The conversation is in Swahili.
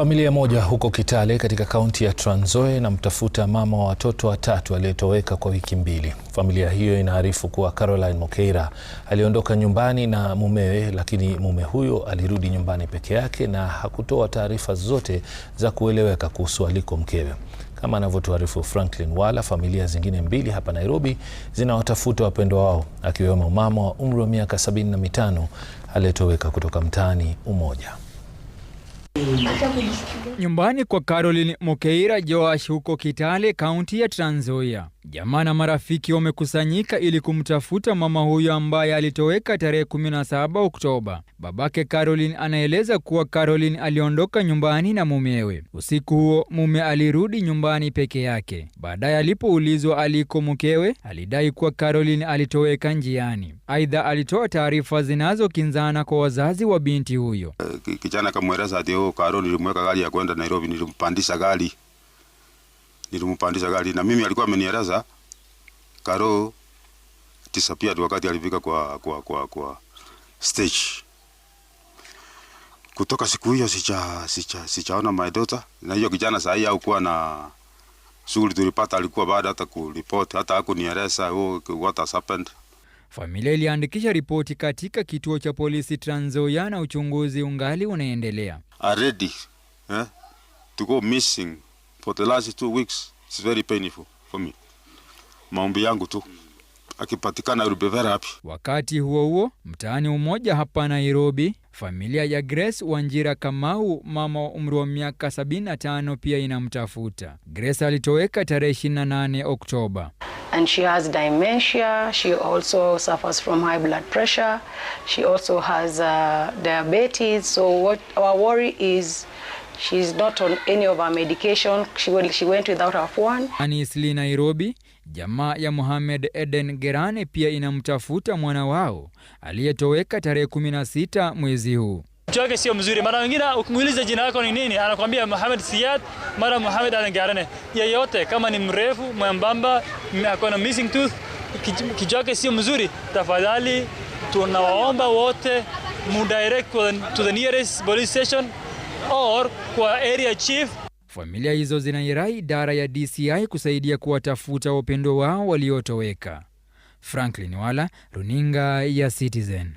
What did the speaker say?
Familia moja huko Kitale katika kaunti ya Trans Nzoia inamtafuta mama wa watoto watatu aliyetoweka kwa wiki mbili. Familia hiyo inaarifu kuwa Caroline Mokeira aliondoka nyumbani na mumewe, lakini mume huyo alirudi nyumbani peke yake na hakutoa taarifa zote za kueleweka kuhusu aliko mkewe. Kama anavyotuarifu Franklin Wala, familia zingine mbili hapa Nairobi zinawatafuta wapendwa wao, akiwemo mama wa umri wa miaka 75 aliyetoweka kutoka mtaani Umoja. Nyumbani kwa Caroline Mukeira Joash huko Kitale, kaunti ya Trans Nzoia. Jamaa na marafiki wamekusanyika ili kumtafuta mama huyo ambaye alitoweka tarehe 17 Oktoba. Babake Caroline anaeleza kuwa Caroline aliondoka nyumbani na mumewe. Usiku huo mume alirudi nyumbani peke yake. Baadaye alipoulizwa aliko mkewe, alidai kuwa Caroline alitoweka njiani. Aidha, alitoa taarifa zinazokinzana kwa wazazi wa binti huyo. Eh, kijana akamweleza ati, oh, Caroline nilimweka gari ya kwenda Nairobi, nilimpandisha gari nilimpandisha gari, na mimi alikuwa amenieleza Karo disappeared wakati alifika kwa, kwa, kwa, kwa stage. Kutoka siku hiyo sicha, sicha, sichaona my daughter, na hiyo kijana saa hii hakuwa na shughuli tulipata, alikuwa baada hata kuripoti, hata hakunieleza oh, what has happened. Familia iliandikisha ripoti katika kituo cha polisi Trans Nzoia na uchunguzi ungali unaendelea. Already, eh, tuko missing for the last two weeks it's very painful for me. Maombi yangu tu akipatikana Rubevera hapi. Wakati huo huo, mtaani umoja hapa Nairobi, familia ya Grace Wanjira Kamau, mama wa umri wa miaka 75, pia inamtafuta. Grace alitoweka tarehe 28 Oktoba. And she has dementia, she also suffers from high blood pressure, she also has uh, diabetes, so what our worry is She's not on any of our medication. She she went without her phone. Anisli Nairobi, jamaa ya Mohamed Eden Gerane pia inamtafuta mwana wao aliyetoweka tarehe 16 mwezi huu. Mtu wake sio mzuri. Mara wengine ukimuuliza jina lako ni nini, anakuambia Mohamed Siad, mara Mohamed Eden Gerane. Yeyote kama ni mrefu, mwembamba, akona missing tooth, kichwa chake sio mzuri, tafadhali tunawaomba wote mudirect to the nearest police station or kwa area chief. Familia hizo zinairai idara ya DCI kusaidia kuwatafuta wapendwa wao waliotoweka. Franklin Wala, Runinga ya Citizen.